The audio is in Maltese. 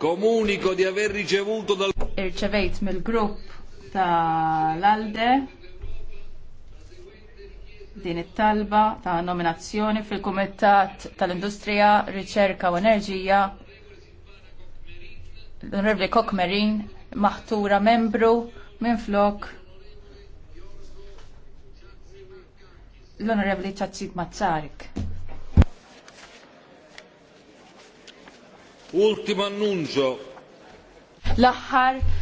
Comunico di aver ricevuto dal... Irċevejt mill-grupp tal-Alde din it-talba ta' nominazzjoni fil-Kumitat tal-Industrija, Riċerka u Enerġija l-Onorevoli Kokmerin maħtura membru minn flok l-Onorevoli Tazzik Mazzarik. Ultimo annuncio. L-aħħar